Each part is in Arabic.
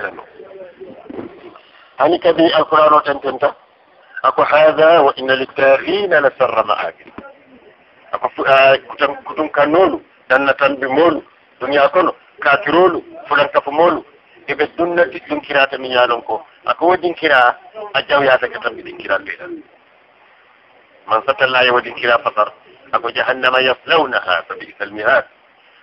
كلامه هني كبي القرآن انت أكو هذا وإن للتاغين لسر مآكل أكو كتن كتن كنول دنا تنبمول دنيا كله كاترول فلان كفمول إذا دنة تدين كرا تميالونكو أكو دين كرا أجاو يا تكتم دين كرا بيدا من سات الله يودين كرا فطر أكو جهنم يصلونها فبئس المهاد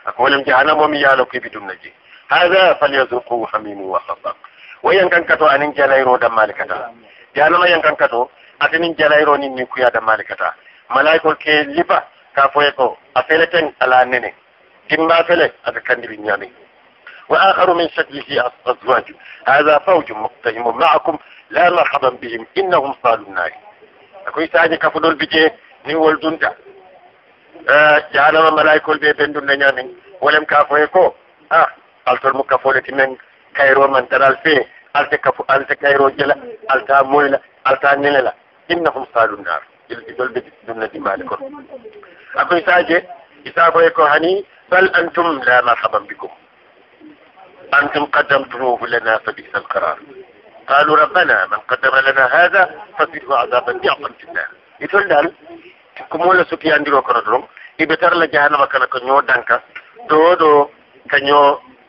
أكو لم جهنم وميالو كيف دون نجيه hadha falyazuqu hamimun wa safaq wo yankankato anin jalayro dammali kata janama yankankato atinin jalairo nin ne kuya dammali malikata malaikol ke liba ka foye ko a ten ala nene dimma fele kan kandiri ñami wa akharu min shaklihi azwaju hadha fawju muqtahimu maakum la marhaban bihim innahum salu nnari akoy saji kafuɗol bije ni wol dunta woldunta janama malaikol ɓe ɓendunna ñamin wolem ka foye ko ah alter mu kafoleti men kairo man dalal fe alter kafu alter kairo jela alter moyla alter nilela innahum salun nar il idol be dunna di malikon akoy saje isa ko e ko hani bal antum la marhaban bikum antum أنتم قدمتموه لنا فبئس القرار قالوا ربنا من قدم لنا هذا فزده عذابا ضعفا في النار يقول لهم كمولا سكي عندي لو كنا دروم يبتر لجهنم كنا كنيو دانكا دو دو كنيو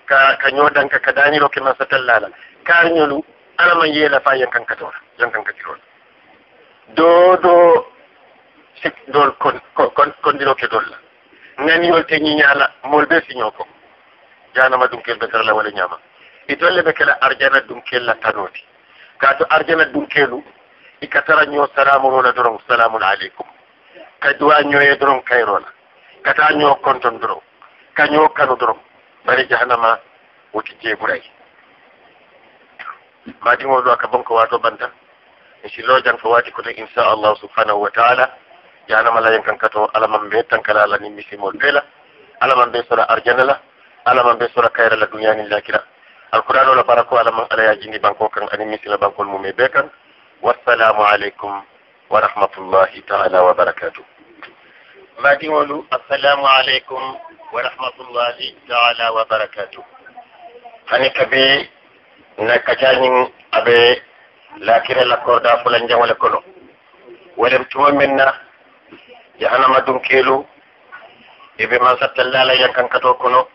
ka ka nyodan ka kadani lo kema satallala kar nyolu ala man yela fa yankan kator yankan kator do do sik dol kon kon kon dilo ke dol nan yol te nyi nyala mol be si nyoko jana ma dum kel be la wala nyama itolle be kala arjana dum kel la tanoti ka to arjana dum kelu ikatara nyo salamu la dorom salamun alaikum ka duwa nyoye dorom kayrola kata nyo konton dorom ka nyo kanu dorom bare jahannama woti jeeɓuray ma din ɗo aka bonko wato banta mi sillo jan ko waati insha Allah subhanahu wa taala jahanama layen kan kato alaman ɓe tankala la ni mo bela alaman ɓe sura arjana la alaman ɓe sura kayra la dunyani lakira alquran ola bara alaman ala jini banko kan ani la bankol mu me ɓe kan wassalamu alaikum wa rahmatullahi taala wa barakatuh باقي ولو السلام عليكم ورحمة الله تعالى وبركاته أنا كبي نكجاني أبي لكن لكور دافو لنجم ولكولو ولم تمو منا جهانا ما دنكيلو إبي ما سبت الله لأي كان كتوكونو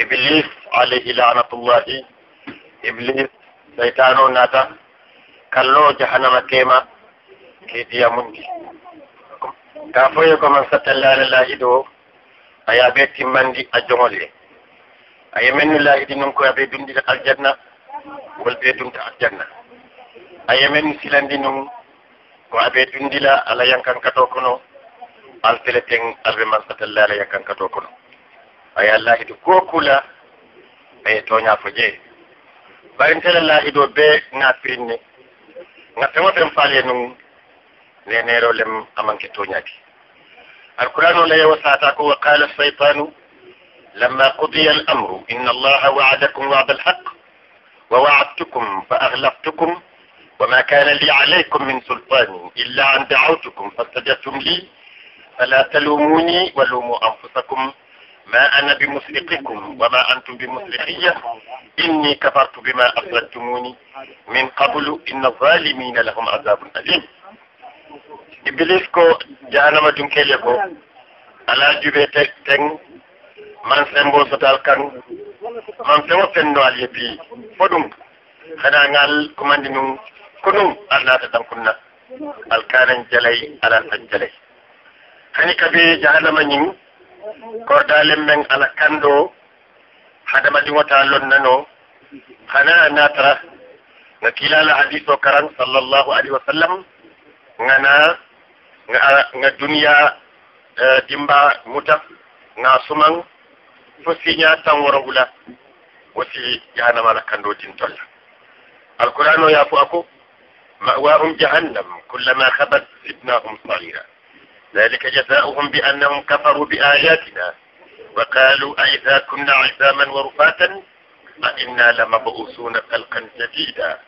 إبليس عليه لعنة الله إبليس سيطانو ناتا كلو جهانا ما كيما كيديا مندي ta foyo koman sattallare laahido aya ɓe timmandi a jogolle aya mennu laahidi noon koy aɓe dumɗita aljanna wol ɓe dumta aljanna aya men silandi noon ko aɓe dundila alah yankankato kono alfele ten alɓe man sattallare yankankato kono aya laahido goo kula aya toña fo jee ɓayintele laahido ɓe ngafirinne ga fewo ten faali e noon nenero لم أمانك toñaati القرآن لا يوسعتك وقال الشيطان لما قضي الأمر إن الله وعدكم وعد الحق ووعدتكم فأغلقتكم وما كان لي عليكم من سلطان إلا أن دعوتكم فاستجبتم لي فلا تلوموني ولوموا أنفسكم ما أنا بمسرقكم وما أنتم بمسرقية إني كفرت بما أخرجتموني من قبل إن الظالمين لهم عذاب أليم iblise ko jahanama dum kelle ko ala juɓe teen man sembo sotal kan man fewo fenno alyebbi fo ɗum hana ngal komandi num ko ɗum alnata tankunna alkanan jalay alal an jalay hani kabi jahanama ñin kordalen men ala kanɗo hadama ɗiwota lonnano hana natara no kilala hadis o karan sallllahu alayhi wa sallam ngana nga duniya eh, dimba muta nga suman fo siña tan woro wula wosi jahanamala kando tolla alquran o ako مأواهم جهنم كلما خبت زدناهم صغيرا ذلك جزاؤهم بأنهم كفروا بآياتنا وقالوا أئذا كنا عظاما ورفاتا أئنا لمبعوثون خلقا جديدا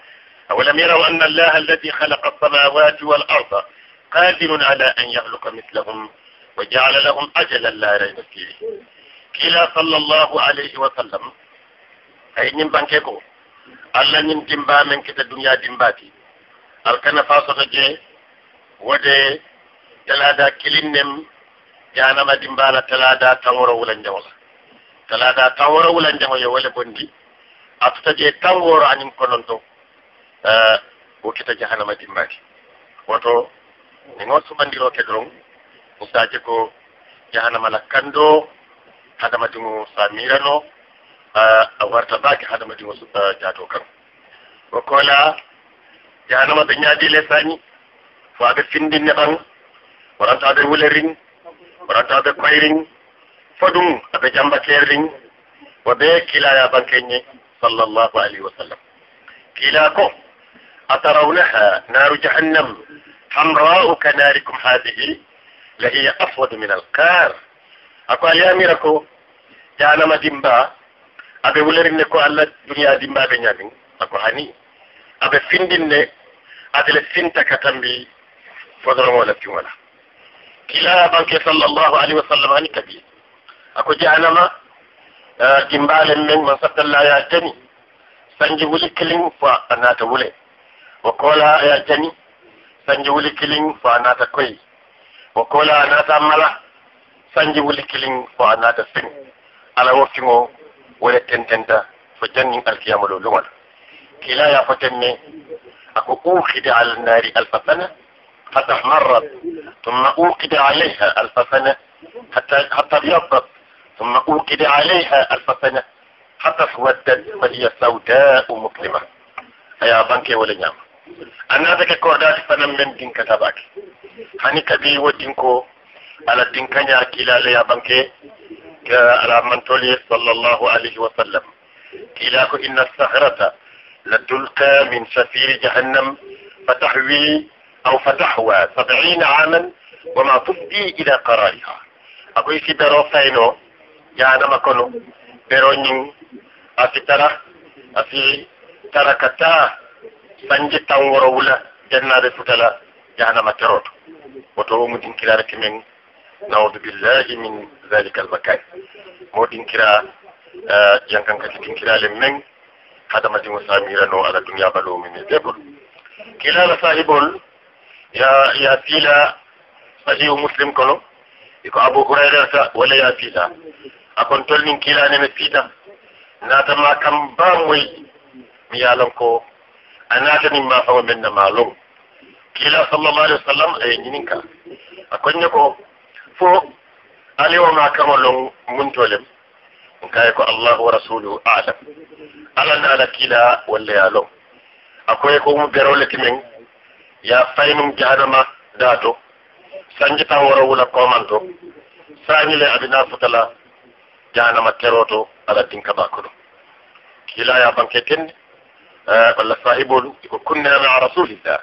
أولم يروا أن الله الذي خلق السماوات والأرض قادر على أن يخلق مثلهم وجعل لهم أجلا لا ريب فيه كلا صلى الله عليه وسلم أي نيم بانكيكو ألا نيم ديمبا من كتا الدنيا ديمباتي الكنا فاصو جي ودي تلادا كلين يعني ما ديمبالا تلادا تاورو ولا نجاولا تلادا تاورو ولا نجاولا ولا بندي أفتجي تاورو عنيم كونون wokita jahannama dimbaki woto ni ngol sumandiro ke don musaje ko jahannama la kando hadama dimo samirano a warta baki hadama dimo jato kan wokola jahannama be nyaadi le sani waga findin orang ban warata de orang warata de kwairin fadum abe jamba kerin wabe kila ya bankenye sallallahu alaihi wasallam kila ko أترونها نار جهنم حمراء كناركم هذه لهي أسود من القار أكو أياميركو ما ديمبا أبي ولرنكو الله دنيا ديمبا بنيامين أكو هني أبي فندين أدل تكتم بي فضرم ولا جملة كلا بانك صلى الله عليه وسلم هني كبير أكو ما آه، ديمبا لمن من سبت الله يا جني سنجي ولي كلين فأنا تولي وقولا يا جني سنجي ولي كيلين فانا تا كوي وقولا انا تا مالا سنجي ولي كيلين فانا تا سين على وفيمو ولا تنتنتا فجني الكيام لو كلا يا فتمي اكو اوخد على النار الف سنه فتحمرت ثم اوقد عليها الف سنه حتى حتى ثم اوقد عليها الف سنه حتى اسودت فهي سوداء مكلمه ايا بانكي ولا نعمه annaata ke kordaati fanan men dinka tabaake hani kadi woddin ko ala dinkaña kiilale yaɓanke ala mantoliye sallllahu alayhi wa sallam kiila ko inna sahrata la tulqa min safiri jahannam fatahwi aw fatahwa sabina aman wama tufdi ila qarariha akoye si ɓero fayno janama kono ɓero ñin asi tara asi tarakata banje tawworo wula jannade futala jahanama keroto din kira rek men naudu billahi min zalika almakani mo din kira jankan ka din kira le men hada ma hadamadi mo no ala duniya balomi me debol la sahibol ya ya fiila sahihu muslim kono iko abu abou hurairata wala ya fiita akon kila tolnin kilanene fiita natama kam bamoy mi yalanko anata mimma min minna ma'lum kila sallallahu alaihi wasallam ayininka akonya ko fo alewa ma lon mun tolem kai ko Allah wa rasuluhu a'lam ala na ala kila walla yalo akoy ko mu berole timen ya faynum jahannama dato sanjita woro wula komanto sañile abina futala jahannama keroto ala tinka bakudo kila ya banke tende بل آه، صاحب كنا مع رسول الله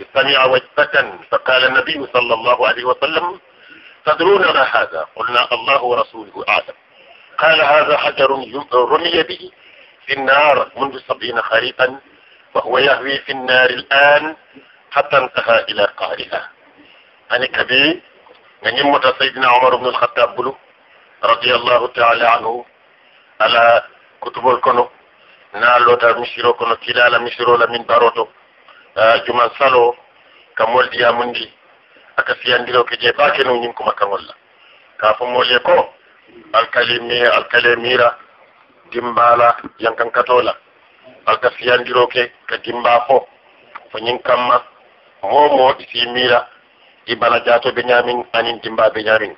استمع وجبة فقال النبي صلى الله عليه وسلم تدرون ما هذا قلنا الله ورسوله أعلم قال هذا حجر رمي به في النار منذ سبعين خريفا وهو يهوي في النار الآن حتى انتهى إلى قهرها أنا كبير من يموت سيدنا عمر بن الخطاب بلو رضي الله تعالى عنه على كتب الكنو naalloota ɗum siro kono kilala mi sirola min baroto ah, juman salo ka moldiyamum ndi aka siyandiro ke je baake nu ñin kuma kangolla ka fo molie ko alkali mi alkali mira dimbala yankankatola alka siyandiroke ka dimba fo fo ñin kamma momoɗi si mira i bala jato be ñamin anin dimba be ñamin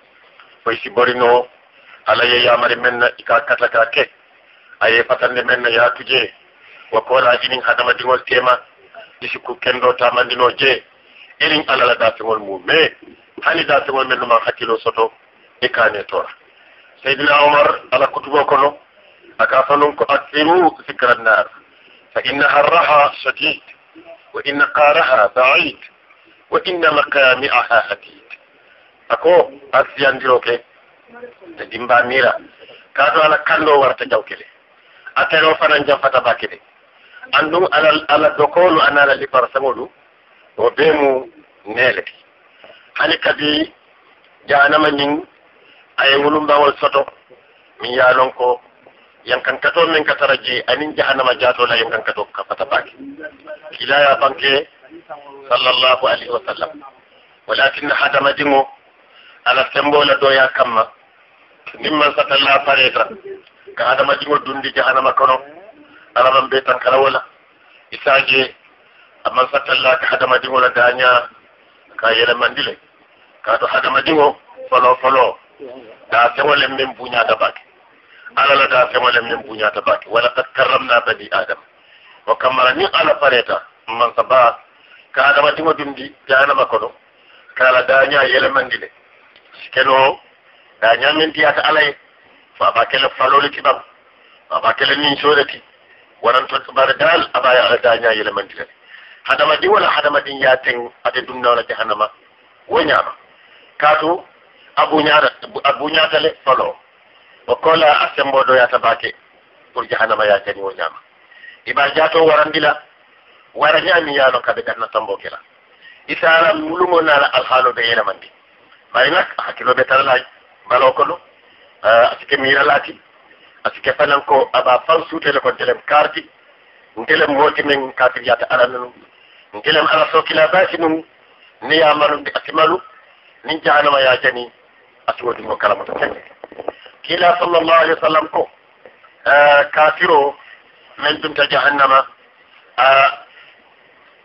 foy si borino alaye yamari menna ika kataka ke aye fatande men no yaatuje wo koolaji ɗin hadamadiŋol tema ɗisi ku kendo tamandino je irin alala da dafeŋol mum mais hani to men ma hakilo soto e kane to sayyidina umar ala kutubo kono aka fanon ko akiru fikran nar fa inna harraha shadid wa inna qaraha baid wa inna maqami'aha hadid ako asiyandiro ke e dimba mira kaɗo ala kando warta jawkele akelo fanan fata bakide andum alal ala dokolu anala lipar samodu o bemu nele hani kadi janama nyin ay wulum dawal soto min yalon ko kato min katara je anin ma jato la kato ka fata baki kila ya banke sallallahu alaihi wasallam walakin hadama dingo ala sembo la doya kamma nimman satalla pareta ka hadamadiŋo dundi jahanama kono alaman be tankala wo la isaje aman satalla ka hadamadiŋo la daña ka yelemandi le kaatu hadamadiŋo folo folo daa feŋo le meŋ buñata bake ala la daa feŋo le meŋ buñata bake walakad karramna bani adam o kammara niŋ ala pareta mansa baa ka hadamadiŋo dundi jahanama kono ka ala daña yelemandi le sikeno daña meŋ tiyata ala ye falo fabakele faloliti ɓam fabakele nin waran to bar dal abaya ala daña yelemantire hadama di wala hadama ɗin ya ten ade na wala jahannama wo ñama kaatu abuñata le falo o kola a do ya bake pour jahannama ya jani wo ñama iɓa jato warandila wara ñami kan na tambo kila isara mulugo nala alhaalo ɓe yelemandi ɓay nak bayna taralaji mbalo ko balokolo asike miralati asike fanan ko aba fansu tele ko telem karti ngelem woti men kafir yata aranun ngelem ala so kila basi num ni ya malu di atimalu nin jahannama ya jani atiwodi mo kala mota kende kila sallallahu alaihi wasallam ko kafiro men dum ta jahannama a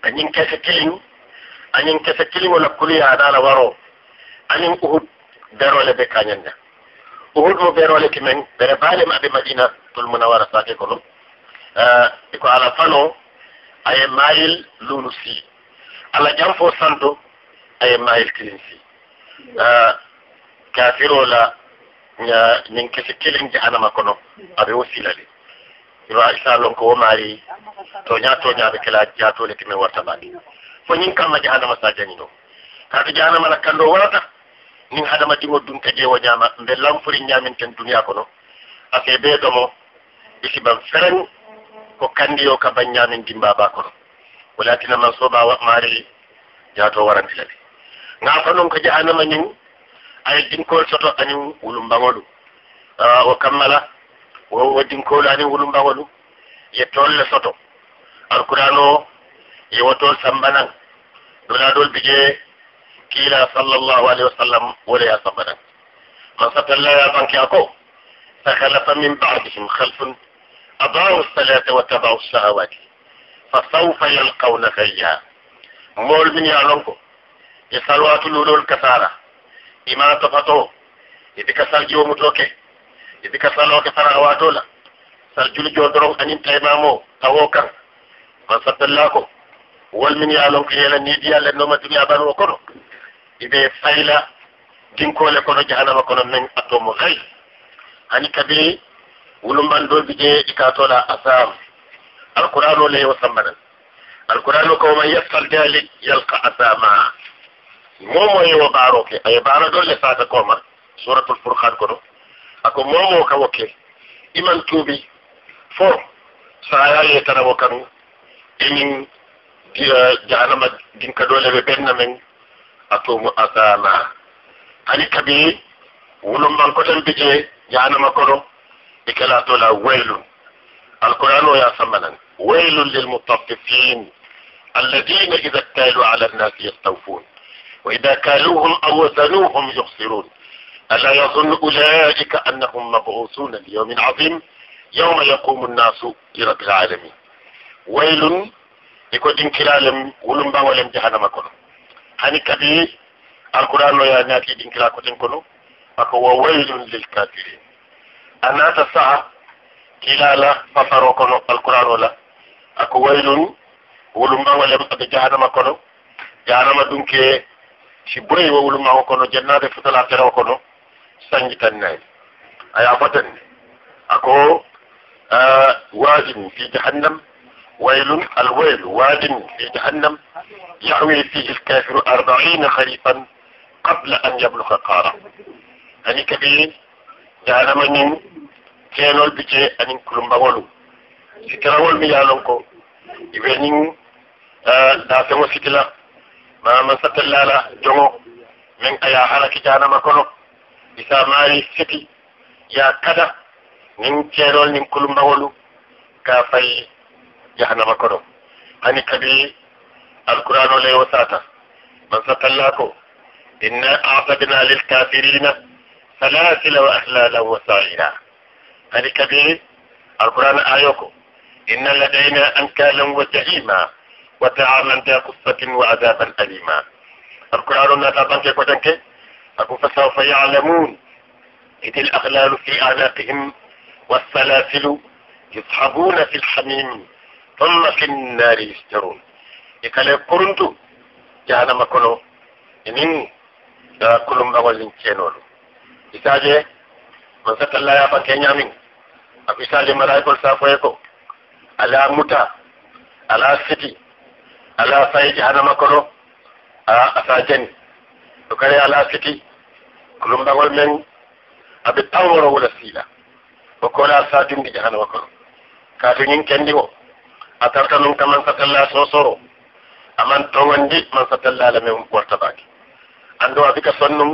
anyin kese kilin anyin kese kilin wala kuliya dala waro anyin uhud dero le be kanyanda ohol mo ɓeerole ti men ɓere baale maɓe madina tol munawara sake ko ɗum eko ala fano aye mayil lunu si allah jam fo santo aye mayil kilin si eh, kafirola min kese kilinje anama kono aɓe wo silali ira isa lon ko wo maari toña toñaɓe kela jatole timen wartamaɗi fo ñin kamma jahanama sa jañi ɗo kato jahanama la kanndo warata nin hadamadiŋo dunka jewa ñaama mbe lanfori ñaaminten duniya kono ake bee ɗomo isiban feren ko yo ka ban ñaamin ba kono walatina man soba waɓmaari jaato to la de ŋa ko noon ko jahannama ñiŋ aye dinkol soto aniŋ wulumbaŋolu o ah, kammala wo dinkolu aniŋ wulumbaŋolu ye tolle soto alkurano ye wato tool sambanaŋ ɗola ɗol bi kila sallallahu alaihi wasallam wala ya sabana man satalla ya banki ako fakhalafa min ba'dihim khalfun أضاعوا الصلاة واتبعوا الشهوات فسوف يلقون غيا مول من يعلمكم يسالوات لولول كسارة إما تفتو إذا كسال جو متوكي إذا كسالوا كسارة واتولا سالجول جو درون أنين تيمامو تاوكا من سبت الله والمن يعلمكم يلا نيديا لنوما دنيا بانو وكرو ibe fayla dinkole kono jahanama kono men attomo hay hani kadi wulumanɗo bije ikatoɗa asam alqur'an o leyo sambanan alqur'an o ko man yasfal dalik yalka asama momo yewo baroke aye baro ɗo le sata koma suratul furkan kono ako momo ka wokke iman tuubi fo saya yetanamo kanu emin jahanama dinka ɗo leɓe ɓenna men atumu asama ani kabi wulum man ko tan bije janama kono ikala to la القرآن يا ثمنا ويل للمطففين الذين إذا اكتالوا على الناس يستوفون وإذا كالوهم أو وزنوهم يخسرون ألا يظن أولئك أنهم مبعوثون ليوم عظيم يوم يقوم الناس لرب العالمين ويل يكون انكلالهم ولم بولم جهنم كلهم hani kadi alquran lo ya naati din kila ko tin kono ako wa waylun lil kafirin anata saha kila la fasaro kono alquran wala ako waylun wulumba wala ko jahannama kono jahannama dun ke si boy wa wulumba kono jannate futala tero kono sanji tan nay aya fatan ako wajin fi jahannam ويل الويل واد في جهنم يحوي فيه الكافر أربعين خريفا قبل أن يبلغ قارة أني كبير جعل من كانوا البجاء أن كلهم بولو سكرا والمياه لنكو إبنين داسمو آه، سكلا ما من ستلا لا جمو من أيا حركة جعل ما كنو بسا ماري سكي يا كدا من كانوا من كلهم بولو كافي جهنم کرو ہنی کبھی القرآن لے و من ست اللہ کو انا اعطبنا للكافرین سلاسل و احلالا و سائرا القرآن آیو إن لدينا أنكالا انکالا و جہیما قصة وعذابا أليما القرآن لا بانکے کو دنکے فسوف يعلمون اذ الاغلال في اعناقهم والسلاسل يصحبون في الحميم thumma fi nnari yusjarun e kala korundu jahanama kono enin uh, e kulumbagolin ceenolu isaje man satallah yabankeñamin ako isaje maraygol safoye ko ala muta ala siti ala fay jahanama kono uh, asa jani to kare ala siti kulumbagol men aɓe tawworo wula siila o kola sa dindi jahanama kono kaatu ñin kendigo a tartanum ka man satalla so soro aman towandi man satalla la men portabaki ando abika sonnum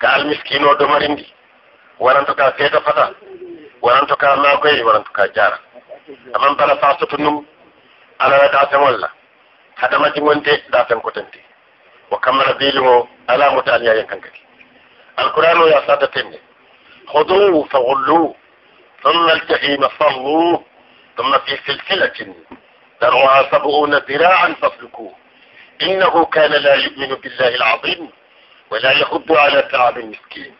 ka al miskino do marindi waranto ka feta fata waranto ka nakoy waranto ka jara aman bala fasotunum ala da tan walla hadamati wonte da tan kotante wa kamara bilimo ala mutal ya yankankaki alqur'anu ya sadatin khudhu faghullu thumma al-jahima salluhu ثم في سلسلة ذرها سبعون ذراعا فاسلكوه إنه كان لا يؤمن بالله العظيم ولا يحب على تعب المسكين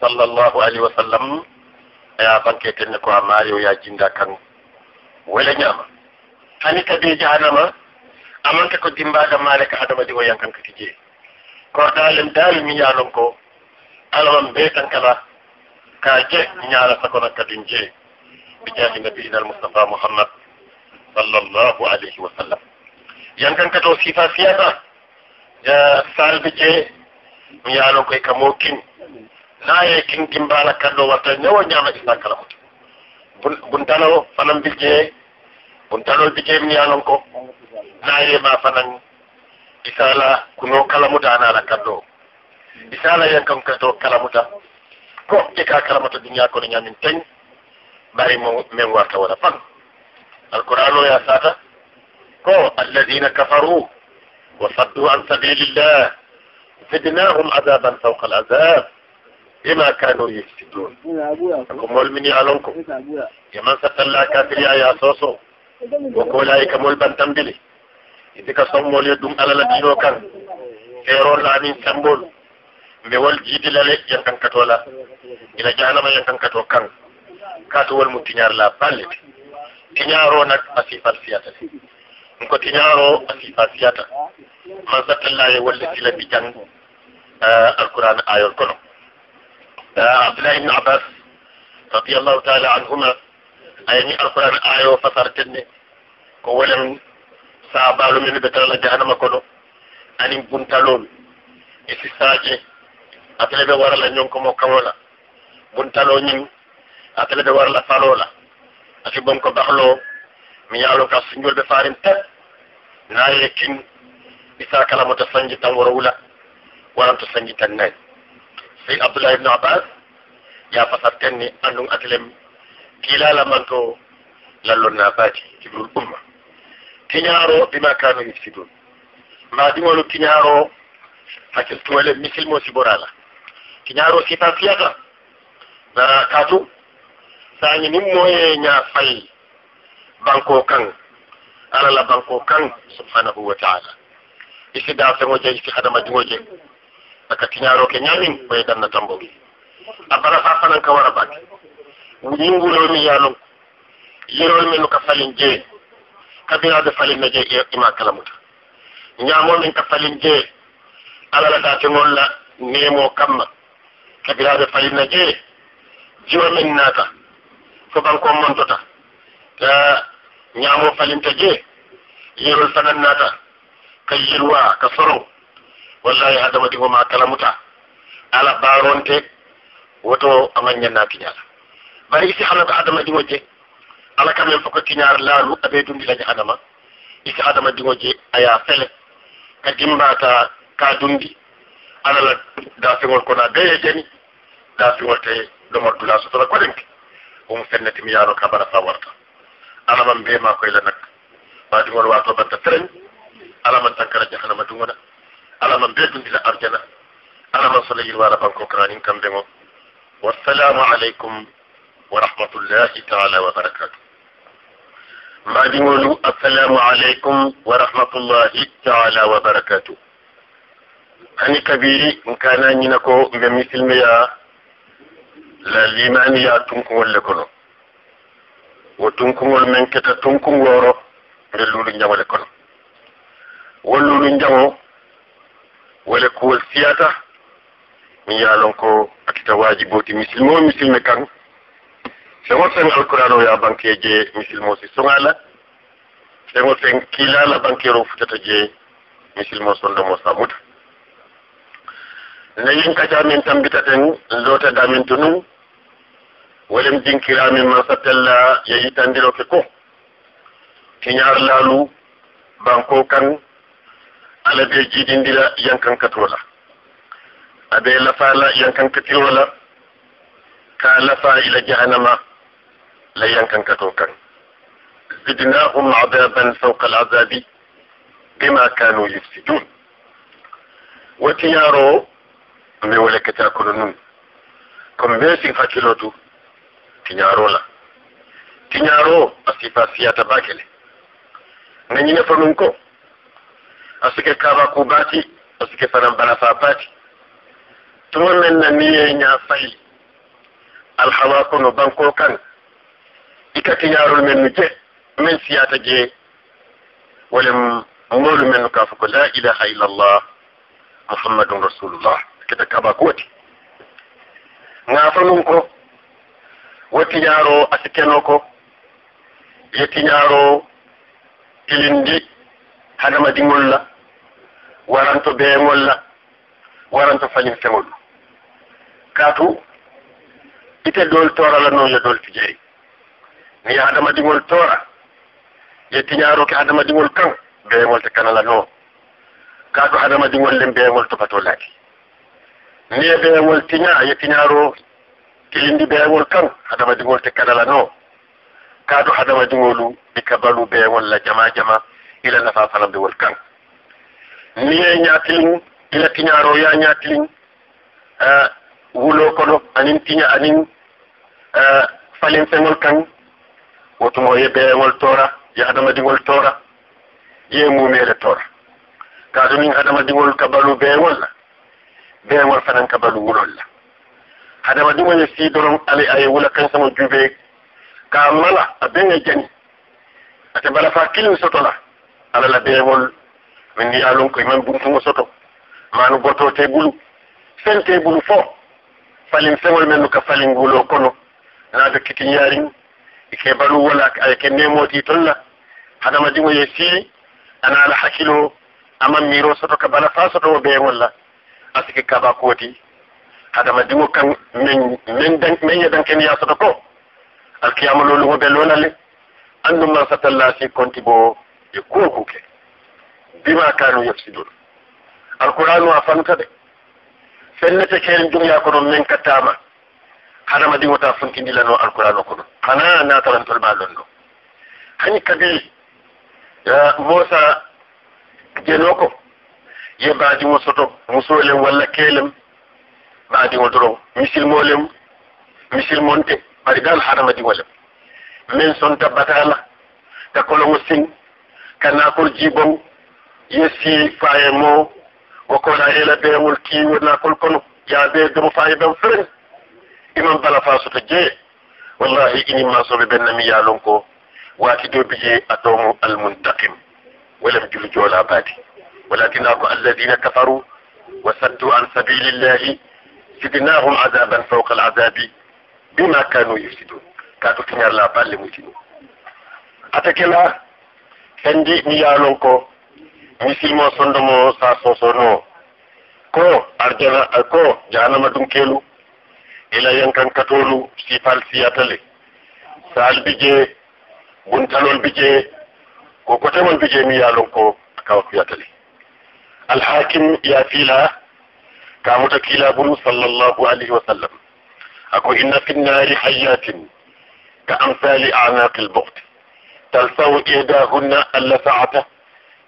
صلى الله عليه وسلم يا بنك يتنكو عماري ويا جندا كان ولا نعم هني كبير جهنم أمان كو دمبا مالك عدم دي ويان كان كتجي كو دالم دالم ميانوكو ألوان بيتن كلا كاجي ميانا سكونا كبين جي بجاه نبينا المصطفى محمد صلى الله عليه وسلم yan kan kato sifa siyasa ya salbice mi yalo koy kamo kin na ye kin gimbala kallo wata nyawo nyama isa kala ko buntalo fanan bije buntalo bije mi yalo ko na ye ma fanan isala kuno kala muta na la kallo isala yan kan kato kala muta ko ke ka kala muta dunya ko nyamin tan bari min warta wala fan alqur'anu ya sata ko alladhina kafaru wa saddu an sabilillah zidnahum adaban fawqa al'azab بما كانوا يفسدون كم المني يا من ستلا كافر يا سوسو وكولاي كمول بنتم بلي إذا كصوم مولي دوم على لدينو كان كيرون لعمين سمبول بول جيد لالي ينكن كتولا إلى جهنم ينكن كتو كان kaatu wol mu tiñaar la balle ti tiñaaroo nag a siifal siyata ti ɗum ko tiñaaroo a siifa siyata man sattallahi wolle sila mbi jang euh, alquran ayol kono euh, abdoulahi ibne abbas radiallahu taala anhuma ayani alquran ayo fasar tenne ko wolen saabalu men ɓe tarala jahanama kono anin buntalol e sisaje atele ɓe warala ñonko mo kawola buntalo ñing atele de warla falola ati bom ko baxlo mi yalo ka sunjol be farim tat na yekin isa kala mota sanji tan warawla wala to sanji tan nay sai abdullah ibn abbas ya fasarten ni andum atlem kilala manto lallon na bati kibrul umma kinyaro bima kanu yifsidun ma dimolu kinyaro hakil tuwele misil mo siborala kinyaro sita fiyata na katu sañi ni moye nya fay banko kan ala la banko kan subhanahu wa ta'ala isi da fe ngoje isi hadama dingoje aka tinyaro ke nyamin boy dan na tambo abara fa fanan ka wara bak ningu lo mi yalo yero mi no ka falin je kabira da falin na je ima kalamuta nyamo min ka falin je ala la ta ngolla nemo kamma kabira da falin na je jiwa min nata ko mantota ta ñaamo falinta je yerol fanan nata ka yirwa ka soro wallahi ma woma kalamuta ala baronte woto amañanna kiñala bari isi ko adama di je ala kamen foko kiñar laalu aɓe dundilaña adama isi adama di je aya fele ka dimbata ka dundi ala la da alala dafiŋol kona beye jeni dafiŋol te domor dula ko koɗenke won fennetimi yaaro kabara fa warta alama mbema koye la nak baɗigol wato banta tereñ alama tankara jahanama dugoɗa alama mbedundila arjana alama sola yirwara banko kranin kamɓe ngo wassalamu aleykum wa rahmatullahi taala wa barakatu mbaɗigolu assalamu aleykum wa rahmatullahi taala wa barakatu hani kabiri nkanañina ko mbe misilmeya lalimaniya tunkugol le kono wo tunkugol men keta tunkugoro nde luulu jamo le kono wo luulu jamo wole kuwol siyata mi yalon ko akita waji booti misilmo misilme kan fego feng alkuran o ya banque je misilmo si soŋala fego feng kilala banqueer o futata je misilmo sondomo samuta nayin kaca min tambita ten lotadamin to nun ولم جنكرا مما ستلا يجتندلو كو كنيار لالو بانكو كان على بيجي دندلا ينكن كتولا أبي لفا لا ينكن كتولا كالفا إلى جهنم لا ينكن كتوكا زدناهم عذابا فوق العذاب بما كانوا يفسدون وتيارو مي ولا كتاكل كم بيسين فاكلوتو kiñaaro la kiñaaro a sifa siyata baa kele nga ñine fa nun ko a sike kaaba alhawa kono banko kan ika kiñaarol men nu je men siyata je walem moolu men nu la ilaha illa muhammadun rasulullah kita kaaba kuwati ngaa fa wotiñaaro asikkeno ko yettiñaaro ilindi hadamadiŋol la waranto beeŋol la waranto fañirteŋol kaatu ite dool toora la noon yo dool tijeyi ni hadamadiŋol toora yettiñaaro ke hadamadiŋol kaŋ beeŋol te kana la noon kaatu hadamadiŋol len beeŋol topato laaki ni e beeŋol tiña yettiñaaro kilindi beeŋol kaŋ hadamadiŋol te kanala noo kaatu hadamadiŋolu i ka balu beeŋol la jama jama ila la nafaa fanaŋ be wol kan ni ye ñaatiliŋ i la ya ye a ñaatiliŋ wuloo kono aniŋ tiña aniŋ falin feŋol kaŋ wo tumo ye beeŋol toora ye hadamadiŋol tora ye muumee le toora kaatu niŋ hadamadiŋol ka balu beeŋol la beeŋol fanaŋ ka balu wulol la hadamadiŋo ye sii doroŋ ali a ye wulakansaŋo jubee ka a mala a beŋ ye jani ate balafaa kiliŋ soto la ala la beewol min ye a loŋ ko imaŋ buntuŋo soto maanu gotoo te bulu feŋ te bulu fo falin feŋol mennu ka falin wuloo kono naata kitiñaariŋ i ke baluu wala a ye ke neemootii tol la hadamadiŋo ye sii anaa la hakkiloo amaŋ miiroo soto ka balafaa soto wo beeŋol la a siki kabakooti hadamadiŋo kaŋ meŋ meŋ daŋ meŋ ye daŋ kene yasoto ko alkiyama lolu ho be lona le anndu man satalla fi konti bo e kuwo kuke bima kanu yefsidun alquranu a fanuta de fennete keren duniya kono men kattama hadamadiŋo ta funkindilano alquranu kono hana natarantol ma lon ɗo hani kadi mosa jeno ko ye baaji mo soto musolen walla keelem ɓa diŋol doroŋ misilmo lem misilmonte bari dal hadama diŋo lem min sonta batala ka koloŋo siŋ ka naakol jiibom ye sii faaye moo wo kola ela beemol kiiwo naakol kono yaa bee domo faaye ben fereŋ iman bala faa soto jee wallahi inin maasoɓe ɓen nami yaalon ko waati dow bije a toomo almuntaqim walam julu joolaa baadi walakin ako alladina kafaru wa saddu an sabilillahi zidnahum azaban fawqa azabi bima kanu yufsidun ka to tinyar la balle mutino la. sendi ni yalon ko misilmo mo sa no ko arjana ko jahanama ɗum kelu ila yankan katolu sifal siyatale sal bije buntalol bije ko kotemon bije ni yalon ko kawa kuyatale alhakim ya fila. كامتا كيلابون صلى الله عليه وسلم أكو إن في النار حيات كأمثال أعناق البغت تلسو اهداهن اللسعته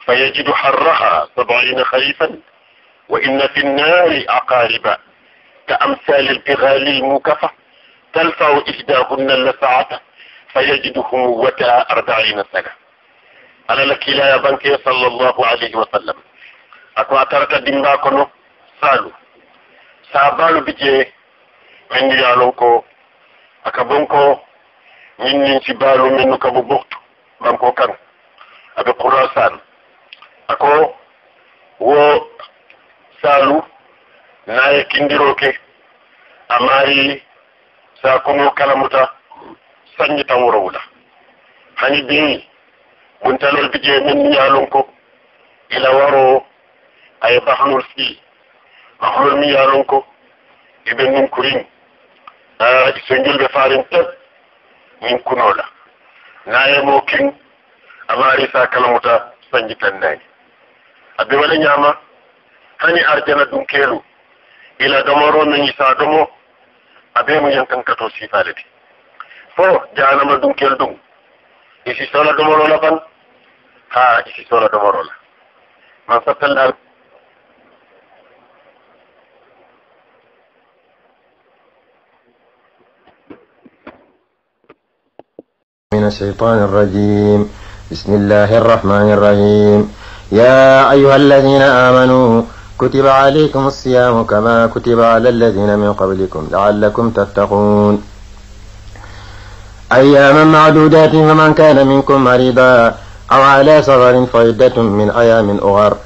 فيجد حرها سبعين خريفا وإن في النار أقارب كأمثال البغال المكفى تلفع اهداهن اللسعة فيجد خموتها أربعين سنة على لك يا بنك صلى الله عليه وسلم أكو أترك دماغنا سالو sa baalu bije min ndiyalon ko aka bonko min nin si baalu min no kabo boktu banko kan aɓe qura sal ako wo salu naye kindiroke amari sa kono kalamuta sañitan worowula hani bini buntalol bije min ndiyalon ko ila waro aye bahnul fii a ibe yaronko kurin a so julɓe farin teb ninkunoɗa nayemo kin amari sa kalamuta sanji tandani aɓe waɗa nyama hani arjana ɗum keelu ila ɗomoro min isa ɗomo aɓe mu yan si sifaledi fo janama ɗum kel dun isi sola la ban ha isi sola la man sattalla من الشيطان الرجيم بسم الله الرحمن الرحيم يا أيها الذين آمنوا كتب عليكم الصيام كما كتب على الذين من قبلكم لعلكم تتقون أياما معدودات فمن كان منكم مريضا أو على سفر فعدة من أيام أغر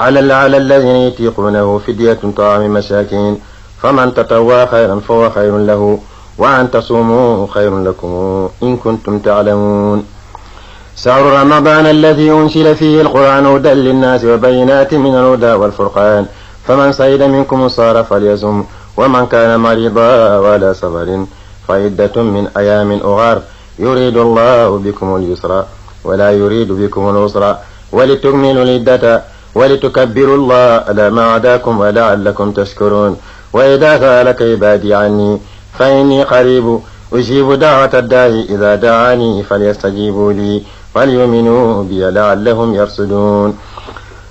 على على الذين يتيقونه فدية طعام مساكين فمن تتوى خيرا فهو خير له وأن تصوموا خير لكم إن كنتم تعلمون شهر رمضان الذي أنزل فيه القرآن هدى للناس وبينات من الهدى والفرقان فمن سيد منكم صار فليزم ومن كان مريضا ولا سفر فعدة من أيام أغار يريد الله بكم اليسر ولا يريد بكم العسر ولتكملوا العدة ولتكبروا الله على ما عداكم ولعلكم تشكرون وإذا سألك عبادي عني فإني قريب أجيب دعوة الداعي إذا دعاني فليستجيبوا لي وليؤمنوا بي لعلهم يرصدون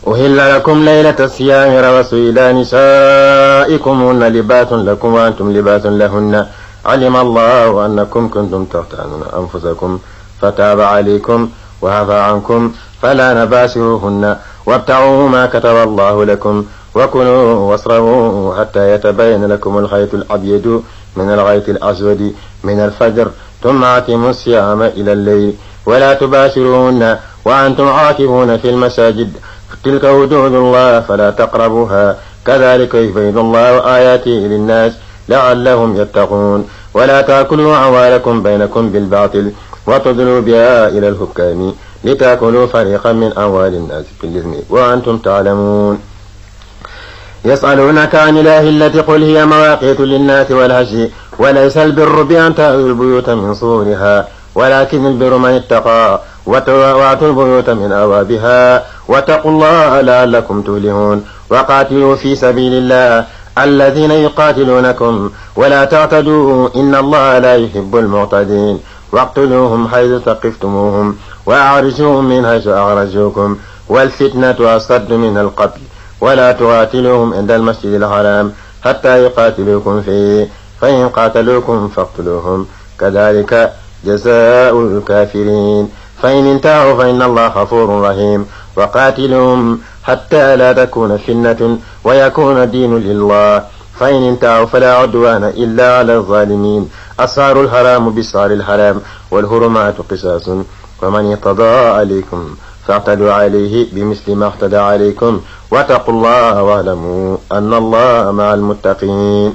أهل لكم ليلة الصيام روس إلى نسائكم هن لباس لكم وأنتم لباس لهن علم الله أنكم كنتم تختانون أنفسكم فتاب عليكم وعفى عنكم فلا نباشروهن وابتعوا ما كتب الله لكم وكلوا واشربوا حتى يتبين لكم الخيط الأبيض من الغيث الأسود من الفجر ثم أتموا الصيام إلى الليل ولا تباشرون وأنتم عاكفون في المساجد تلك حدود الله فلا تقربوها كذلك يبين الله آياته للناس لعلهم يتقون ولا تأكلوا أموالكم بينكم بالباطل وتدلوا بها إلى الحكام لتأكلوا فريقا من أموال الناس بالإذن وأنتم تعلمون يسألونك عن التي قل هي مواقيت للناس والهجر وليس البر بأن تأتوا البيوت من صورها ولكن البر من اتقى وأتوا البيوت من أوابها واتقوا الله لعلكم تولهون وقاتلوا في سبيل الله الذين يقاتلونكم ولا تعتدوا إن الله لا يحب المعتدين واقتلوهم حيث ثقفتموهم وأعرجوهم من حيث أعرجوكم والفتنة أصد من القتل ولا تقاتلوهم عند المسجد الحرام حتى يقاتلوكم فيه فإن قاتلوكم فاقتلوهم كذلك جزاء الكافرين فإن انتهوا فإن الله غفور رحيم وقاتلهم حتى لا تكون فنة ويكون الدين لله فإن انتهوا فلا عدوان إلا على الظالمين أسعار الحرام بسعر الحرام والهرمات قصاص ومن يتضاء عليكم فاعتدوا عليه بمثل ما اعتدى عليكم واتقوا الله واعلموا أن الله مع المتقين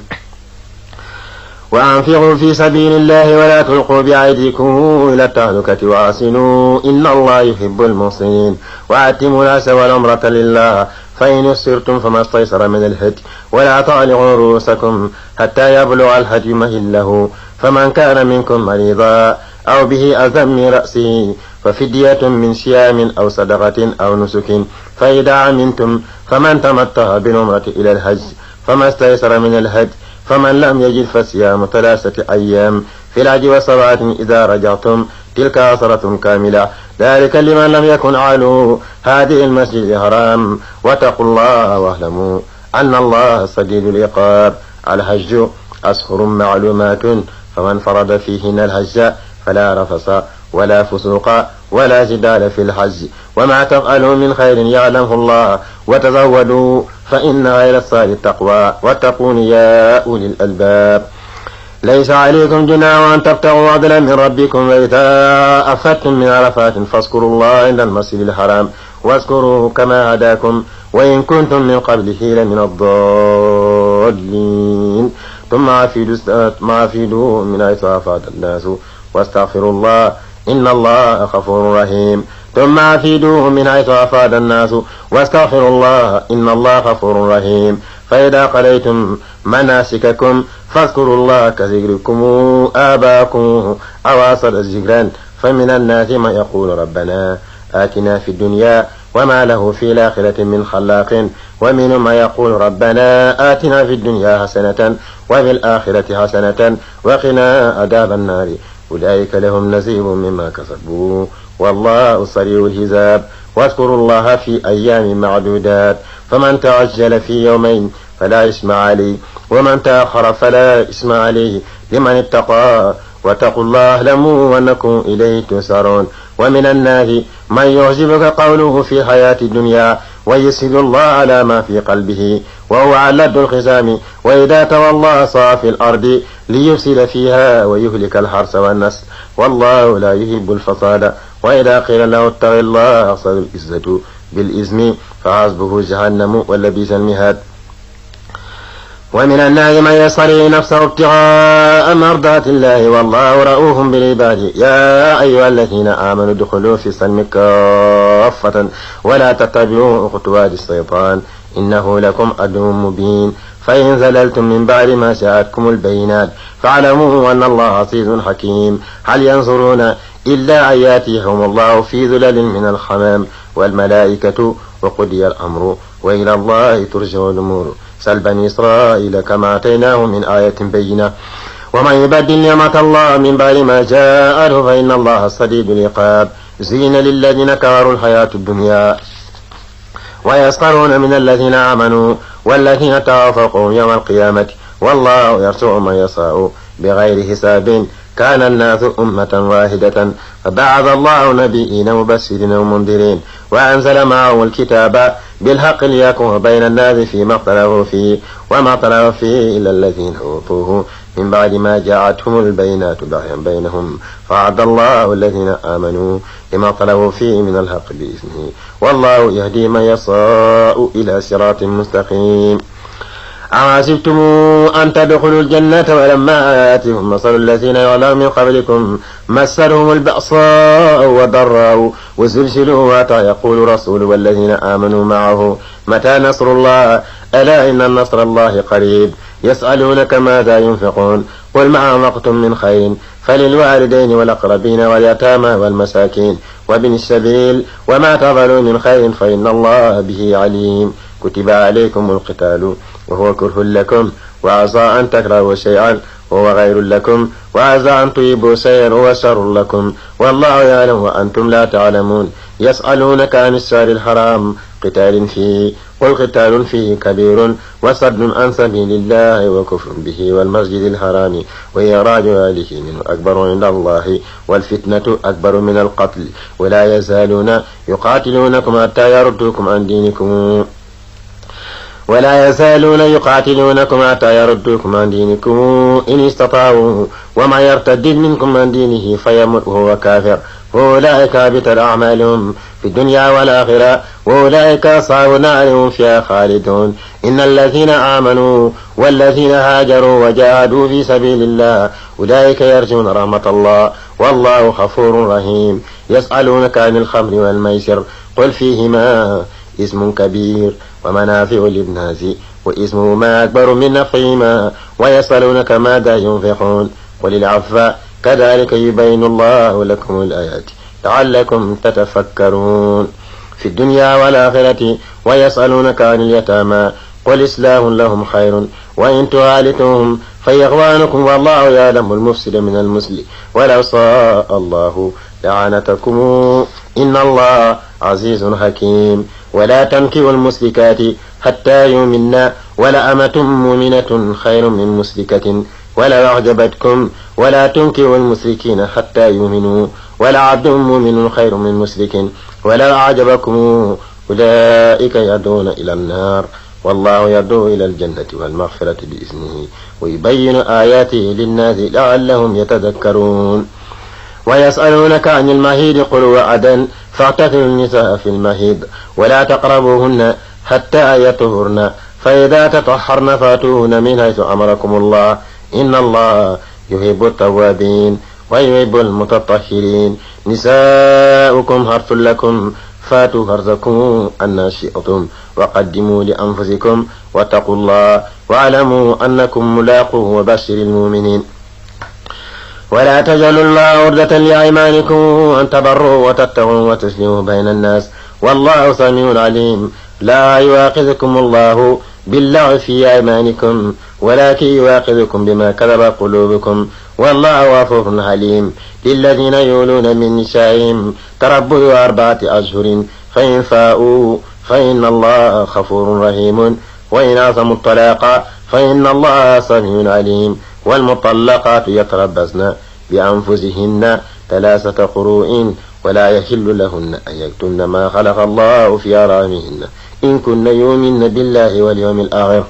وأنفقوا في سبيل الله ولا تلقوا بأيديكم إلى التهلكة وأحسنوا إن الله يحب المحسنين وأتموا الناس والعمرة لله فإن يسرتم فما استيسر من الهدي ولا تعلقوا رؤوسكم حتى يبلغ الهدي مهله فمن كان منكم مريضا أو به أذى من رأسه ففدية من صيام أو صدقة أو نسك فإذا عمنتم فمن تمتع بالعمرة إلى الحج فما استيسر من الحج فمن لم يجد فصيام ثلاثة أيام في العج وسبعة إذا رجعتم تلك عشرة كاملة ذلك لمن لم يكن علو هذه المسجد الحرام واتقوا الله واعلموا أن الله سديد العقاب الحج أشهر معلومات فمن فرض فيهن الحج فلا رفص ولا فسوق ولا جدال في الحج وما تفعلوا من خير يعلمه الله وتزودوا فإن غير الصالح التقوى واتقون يا أولي الألباب ليس عليكم جناح أن تبتغوا عدلا من ربكم وإذا أفدتم من عرفات فاذكروا الله عند المسجد الحرام واذكروه كما هداكم وإن كنتم من قبله لمن الضالين ثم عفيدوا من حيث أفاد الناس واستغفروا الله إن الله غفور رحيم ثم أفيدوه من حيث أفاد الناس واستغفروا الله إن الله غفور رحيم فإذا قضيتم مناسككم فاذكروا الله كذكركم آباكم أو أصل ذكرا فمن الناس من يقول ربنا آتنا في الدنيا وما له في الآخرة من خلاق ومن ما يقول ربنا آتنا في الدنيا حسنة وفي الآخرة حسنة وقنا عذاب النار أولئك لهم نصيب مما كسبوا والله سريع الحساب واذكروا الله في أيام معدودات فمن تعجل في يومين فلا إثم عليه ومن تأخر فلا إثم عليه لمن اتقى واتقوا الله اعلموا أنكم إليه تسرون ومن الناس من يعجبك قوله في حياة الدنيا ويسهل الله على ما في قلبه وهو علد الخزام وإذا تولى صاف الأرض ليفسد فيها ويهلك الحرث والنسل والله لا يحب الفصاد وإذا قيل له اتق الله أخذ العزة بالإزم فعزبه جهنم ولبئس المهاد ومن الناس من يشتري نفسه ابتغاء مرضات الله والله رؤوف بالعباد يا أيها الذين آمنوا ادخلوا في السلم كافة ولا تتبعوا خطوات الشيطان إنه لكم عدو مبين فإن زللتم من بعد ما جاءتكم البينات فاعلموا أن الله عزيز حكيم هل ينظرون إلا أن يأتيهم الله في ذلل من الحمام والملائكة وقضي الأمر وإلى الله ترجع الأمور سل بني إسرائيل كما آتيناهم من آية بينة ومن يبدل نعمة الله من بعد ما جاءه فإن الله صديد العقاب زين للذين كفروا الحياة الدنيا ويسخرون من الذين آمنوا والذين توافقوا يوم القيامة والله يرجع من يشاء بغير حساب كان الناس أمة واحدة فبعث الله نبيين مبشرين ومنذرين وأنزل معهم الكتاب بالحق ليكون بين الناس فيما اختلفوا فيه وما اختلفوا فيه إلا الذين أوتوه من بعد ما جاءتهم البينات بغيا بينهم فعد الله الذين آمنوا لما طلبوا فيه من الحق بإذنه والله يهدي من يصاء إلى صراط مستقيم أحسبتم أن تدخلوا الجنة ولما آتهم مثل الذين يعلمون من قبلكم مسرهم البأساء وضراء وزلزلوا حتى يقول رسول والذين آمنوا معه متى نصر الله ألا إن نصر الله قريب يسألونك ماذا ينفقون قل ما أنفقتم من خير فللوالدين والأقربين واليتامى والمساكين وابن السبيل وما تظلوا من خير فإن الله به عليم كتب عليكم القتال وهو كره لكم وعسى أن تكرهوا شيئا وهو غير لكم وعسى أن تجيبوا شيئا هو شر لكم والله يعلم وأنتم لا تعلمون يسألونك عن الشهر الحرام قتال فيه والقتال فيه كبير وصد عن سبيل الله وكفر به والمسجد الحرام ويراجع أهله منه أكبر عند الله والفتنة أكبر من القتل ولا يزالون يقاتلونكم حتى يردوكم عن دينكم ولا يزالون يقاتلونكم حتى يردوكم عن دينكم إن استطاعوا وما يرتد منكم عن دينه فيموت وهو كافر وأولئك هبطت أعمالهم في الدنيا والآخرة وأولئك أصحاب النار هم فيها خالدون إن الذين آمنوا والذين هاجروا وجاهدوا في سبيل الله أولئك يرجون رحمة الله والله غفور رحيم يسألونك عن الخمر والميسر قل فيهما اسم كبير ومنافع للناس ما أكبر من نفعهما ويسألونك ماذا ينفقون قل العفو كذلك يبين الله لكم الآيات لعلكم تتفكرون في الدنيا والآخرة ويسألونك عن اليتامى قل إسلام لهم خير وإن تعالتهم فيغوانكم والله يعلم المفسد من المسلم ولو صاء الله لعنتكم إن الله عزيز حكيم ولا تنكروا المسلكات حتى يؤمنا ولأمة مؤمنة خير من مسلكة ولو أعجبتكم ولا تنكروا المسلكين حتى يؤمنوا ولعبد مؤمن خير من مسلك ولو أعجبكم أولئك يدعون إلى النار والله يدعو إلى الجنة والمغفرة بإذنه ويبين آياته للناس لعلهم يتذكرون ويسألونك عن المهيد قل وعدا فاعتزلوا النساء في المهيد ولا تقربوهن حتى يطهرن فإذا تطهرن فاتوهن من حيث أمركم الله إن الله يحب التوابين ويحب المتطهرين نساؤكم حرث لكم فاتوا حرثكم أن شئتم وقدموا لأنفسكم واتقوا الله واعلموا أنكم ملاقوه وبشر المؤمنين ولا تجعلوا الله عرضة لأيمانكم أن تبروا وتتقوا وتسلموا بين الناس والله سميع عليم لا يؤاخذكم الله باللغو في أيمانكم ولكن يؤاخذكم بما كذب قلوبكم والله غفور حليم للذين يولون من نسائهم تربوا أربعة أشهر فإن فاءوا فإن الله غفور رحيم وإن عصموا الطلاق فإن الله سميع عليم والمطلقات يتربصن بأنفسهن ثلاثة قروء ولا يحل لهن أن يكتمن ما خلق الله في أرامهن إن كن يؤمن بالله واليوم الآخر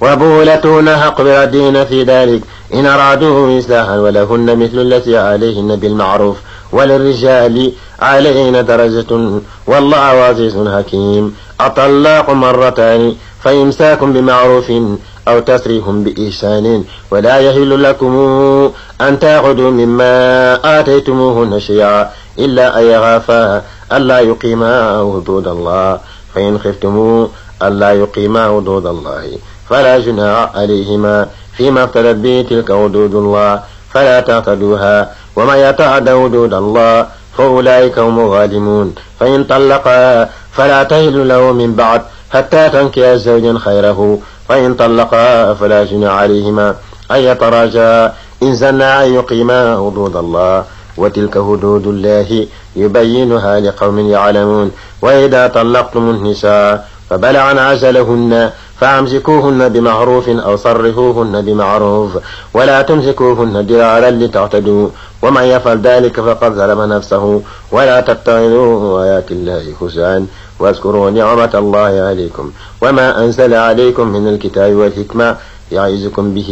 وبولتهن حق بردين في ذلك إن أرادوه إصلاحا ولهن مثل التي عليهن بالمعروف وللرجال عليهن درجة والله عزيز حكيم الطلاق مرتان فإمساك بمعروف أو تسرهم بإحسان ولا يهل لكم أن تأخذوا مما آتيتموهن شيئا إلا أن يخافا ألا يقيما حدود الله فإن خفتم ألا يقيما حدود الله فلا جناح عليهما فيما افترت به تلك حدود الله فلا تعتدوها وما يتعدى حدود الله فأولئك هم الظالمون فإن طلقها فلا تهل له من بعد حتى تنكي زوجا خيره فإن طلقا فلا جنى عليهما أن يتراجعا إن زنا أن يقيما حدود الله وتلك حدود الله يبينها لقوم يعلمون وإذا طلقتم النساء فبلغن عجلهن فامسكوهن بمعروف او صرفوهن بمعروف ولا تمسكوهن درارا لتعتدوا ومن يفعل ذلك فقد ظلم نفسه ولا تتخذوا ايات الله هزءا واذكروا نعمة الله عليكم وما أنزل عليكم من الكتاب والحكمة يعزكم به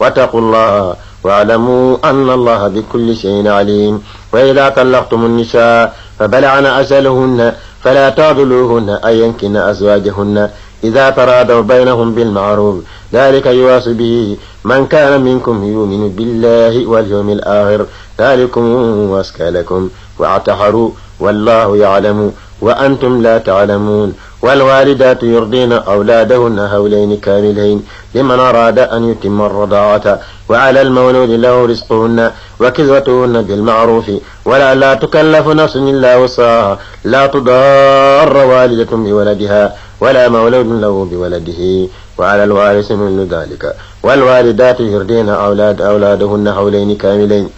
واتقوا الله واعلموا أن الله بكل شيء عليم وإذا طلقتم النساء فبلعن أجلهن فلا تعدلوهن أن ينكن أزواجهن إذا ترادوا بينهم بالمعروف ذلك يواصي به من كان منكم يؤمن بالله واليوم الآخر ذلكم واسكى لكم واعتحروا والله يعلم وأنتم لا تعلمون والوالدات يرضين أولادهن هولين كاملين لمن أراد أن يتم الرضاعة وعلى المولود له رزقهن وكسوتهن بالمعروف ولا لا تكلف نفس إلا وسعها لا تضار والدة بولدها ولا مولود له بولده وعلى الوارث من ذلك والوالدات يرضين أولاد أولادهن هولين كاملين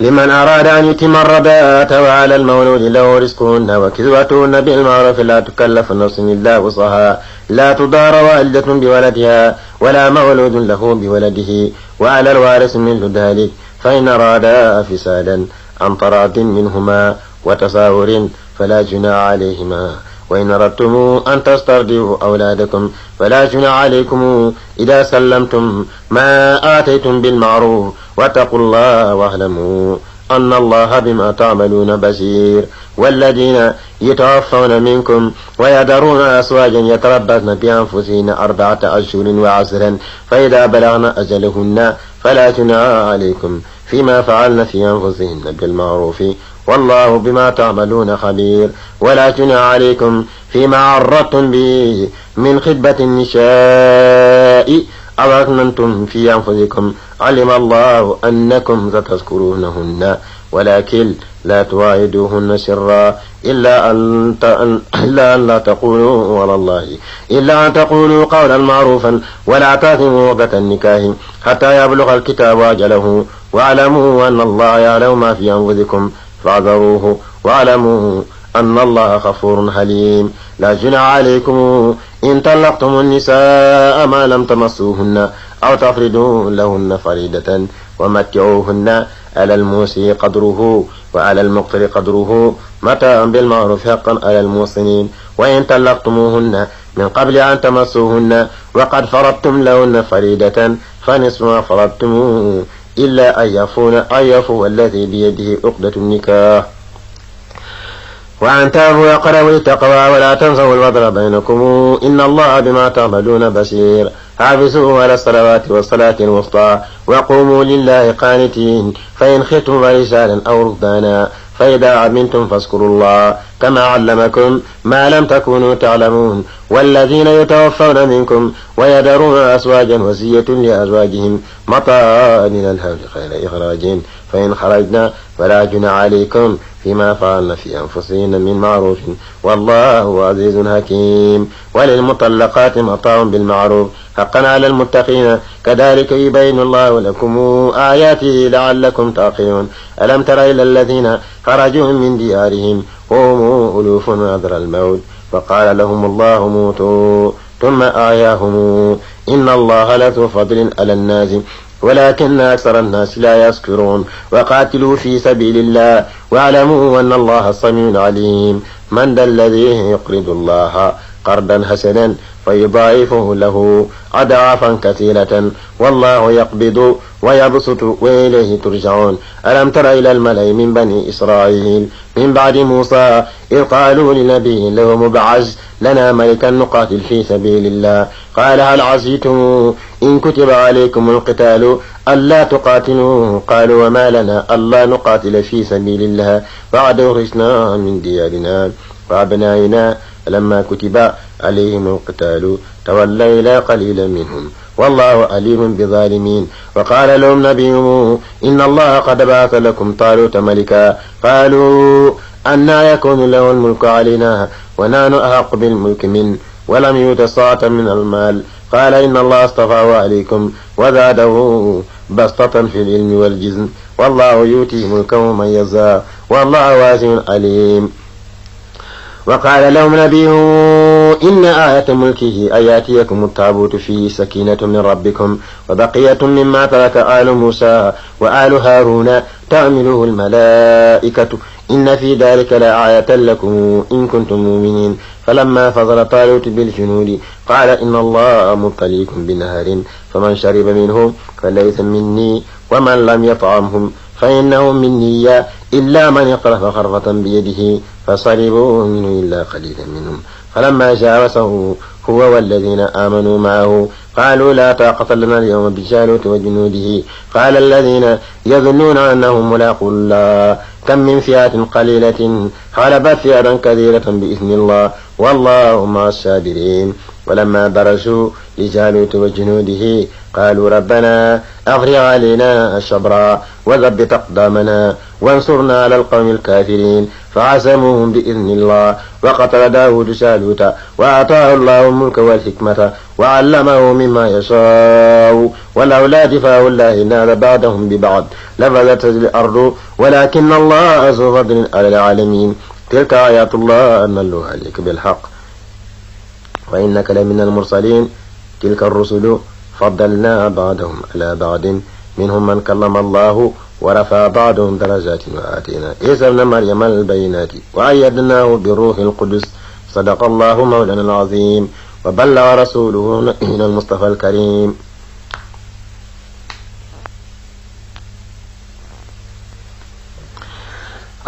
لمن أراد أن يتم الرباءة وعلى المولود له رزقهن وكسوتهن بالمعروف لا تكلف نفس إلا وصها لا تضار والدة بولدها ولا مولود له بولده وعلى الوارث منه ذلك فإن أرادا فسادا عن طراد منهما وتصاور فلا جنى عليهما وإن أردتم أن تسترضعوا أولادكم فلا جنى عليكم إذا سلمتم ما آتيتم بالمعروف واتقوا الله واعلموا أن الله بما تعملون بصير والذين يتوفون منكم ويذرون أزواجا يتربصن بأنفسهن أربعة أشهر وعشرا فإذا بلغن أجلهن فلا جناح عليكم فيما فعلن في أنفسهن بالمعروف والله بما تعملون خبير ولا جناح عليكم فيما عرضتم به من خطبة النساء أظننتم في أنفسكم علم الله أنكم ستذكرونهن ولكن لا تواعدوهن سرا إلا أن ت... إلا أن لا تقولوا على الله إلا أن تقولوا قولا معروفا ولا تعتموا عقدة النكاح حتى يبلغ الكتاب أجله واعلموا أن الله يعلم ما في أنفسكم فاعذروه واعلموا أن الله غفور حليم لا جنى عليكم إن طلقتم النساء ما لم تمسوهن أو تفردوا لهن فريدة ومتعوهن على الموسي قدره وعلى المقتر قدره متاعا بالمعروف حقا على الموصنين وإن طلقتموهن من قبل أن تمسوهن وقد فرضتم لهن فريدة فنصف ما فرضتموه إلا أن يفون أن يفو الذي بيده عقدة النكاح وأن تابوا يقربوا التقوى ولا تنسوا البذل بينكم إن الله بما تعملون بصير حافظوا على الصلوات والصلاة الوسطى وقوموا لله قانتين فإن خفتم رسالا أو ركبانا فإذا أمنتم فاذكروا الله كما علمكم ما لم تكونوا تعلمون والذين يتوفون منكم ويذرون أزواجا وزية لأزواجهم مطاعا إلى الهول خير إخراج فإن خرجنا فلا جنى عليكم فيما فعلن في أنفسهن من معروف والله عزيز حكيم وللمطلقات مطاع بالمعروف حقا على المتقين كذلك يبين الله لكم آياته لعلكم تعقلون ألم تر إلى الذين خرجوا من ديارهم هم ألوف عذر الموت فقال لهم الله موتوا ثم آياهم إن الله لذو فضل على الناس ولكن أكثر الناس لا يذكرون وقاتلوا في سبيل الله واعلموا أن الله سميع عليم من ذا الذي يقرض الله قرضا حسنا فيضاعفه له أضعافا كثيرة والله يقبض ويبسط وإليه ترجعون ألم تر إلى الملأ من بني إسرائيل من بعد موسى إذ قالوا لنبي له مبعز لنا ملكا نقاتل في سبيل الله قال هل عزيتم إن كتب عليكم القتال ألا تقاتلوا قالوا وما لنا ألا نقاتل في سبيل الله بعد رجنا من ديارنا وأبنائنا لما كتب عليهم القتال تولينا قليلا منهم والله عليم بظالمين وقال لهم نبيهم إن الله قد بعث لكم طالوت ملكا قالوا أنا يكون له الملك علينا ونحن أحق بالملك منه ولم يؤت ساعة من المال قال إن الله اصطفاه عليكم وزاده بسطة في العلم والجزم والله يؤتي ملكه من يزا والله واسع عليم وقال لهم نبيه إن آية ملكه أن يأتيكم التابوت فيه سكينة من ربكم وبقية مما ترك آل موسى وآل هارون تعمله الملائكة إن في ذلك لآية لكم إن كنتم مؤمنين فلما فضل طالوت بالجنود قال إن الله مبتليكم بنهر فمن شرب منه فليس مني ومن لم يطعمهم فإنه مني إلا من اقترف خرفة بيده فصلبوه منه إلا قليلا منهم فلما جاوزه هو والذين آمنوا معه قالوا لا طاقة لنا اليوم بجالوت وجنوده قال الذين يظنون أنهم ملاقو الله كم من فئة قليلة خلبت فئة كثيرة بإذن الله والله مع الصابرين ولما برزوا لجالوت وجنوده قالوا ربنا أفرغ علينا الشبرا وثبت أقدامنا وانصرنا على القوم الكافرين فعزموهم بإذن الله وقتل داود جالوت وآتاه الله الملك والحكمة وعلمه مما يشاء ولولا دفاع الله نال بعدهم ببعض لفلت الأرض ولكن الله ذو فضل على العالمين تلك آيات الله نلوها عليك بالحق وإنك لمن المرسلين تلك الرسل فضلنا بعضهم على بعض منهم من كلم الله ورفع بعضهم درجات وآتينا عيسى ابن مريم البينات وأيدناه بروح القدس صدق الله مولانا العظيم وبلغ رسوله من المصطفى الكريم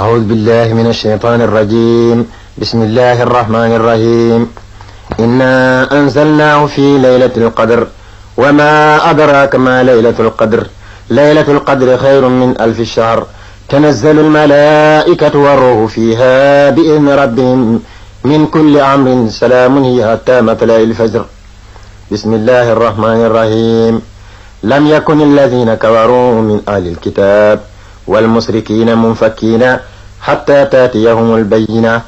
أعوذ بالله من الشيطان الرجيم بسم الله الرحمن الرحيم إنا أنزلناه في ليلة القدر وما أدراك ما ليلة القدر ليلة القدر خير من ألف شهر تنزل الملائكة والروح فيها بإذن ربهم من كل أمر سلام هي حتى مطلع الفجر بسم الله الرحمن الرحيم لم يكن الذين كفروا من أهل الكتاب والمشركين منفكين حتى تاتيهم البينة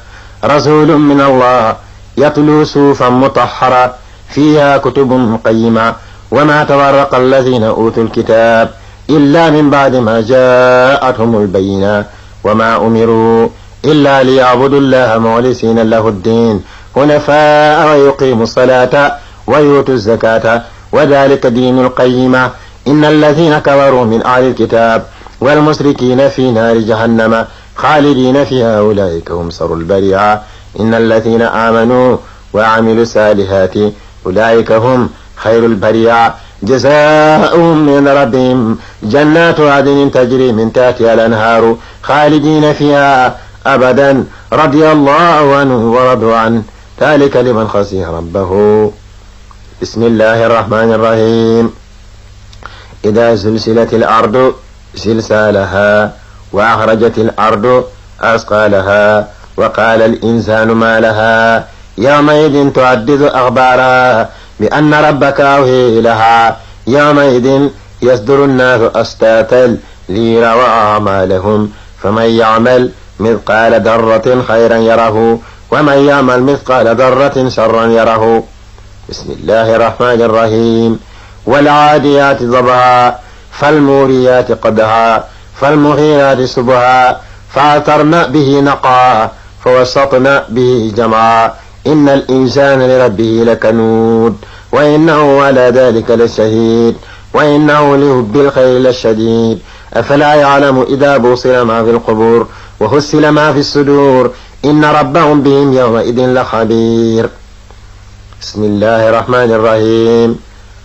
رسول من الله يتلو صوفا مطهرة فيها كتب قيمة وما تورق الذين أوتوا الكتاب إلا من بعد ما جاءتهم البينة وما أمروا إلا ليعبدوا الله مولسين له الدين حنفاء ويقيموا الصلاة ويؤتوا الزكاة وذلك دين القيمة إن الذين كفروا من أهل الكتاب والمشركين في نار جهنم خالدين فيها أولئك هم سر البريعة إن الذين آمنوا وعملوا الصالحات أولئك هم خير البرية جزاؤهم من ربهم جنات عدن تجري من تحتها الأنهار خالدين فيها أبدا رضي الله عنه ورضوا عنه ذلك لمن خشي ربه بسم الله الرحمن الرحيم إذا زلزلت الأرض زلزالها وأخرجت الأرض أثقالها وقال الإنسان ما لها يومئذ تعدد أخبارها بأن ربك أوهي لها يومئذ يصدر الناس أشتاتا ليروا أعمالهم فمن يعمل مثقال ذرة خيرا يره ومن يعمل مثقال ذرة شرا يره بسم الله الرحمن الرحيم والعاديات ضبها فالموريات قدها فالمغيرات سبها فأثرن به نقاها فوسطنا به جمعا إن الإنسان لربه لكنود وإنه على ذلك لشهيد وإنه لهب الخير لشديد أفلا يعلم إذا بوصل ما في القبور وهسل ما في الصدور إن ربهم بهم يومئذ لخبير بسم الله الرحمن الرحيم